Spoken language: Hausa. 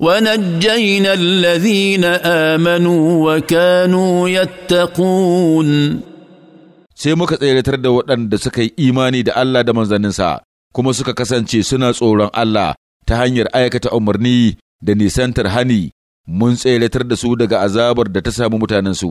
ونجينا الذين آمنوا وكانوا يتقون sai muka tseratar da waɗanda suka yi imani da Allah da manzanninsa kuma suka kasance suna tsoron Allah ta hanyar aikata umarni da nisantar hani mun tseratar da su daga azabar da ta samu mutanensu.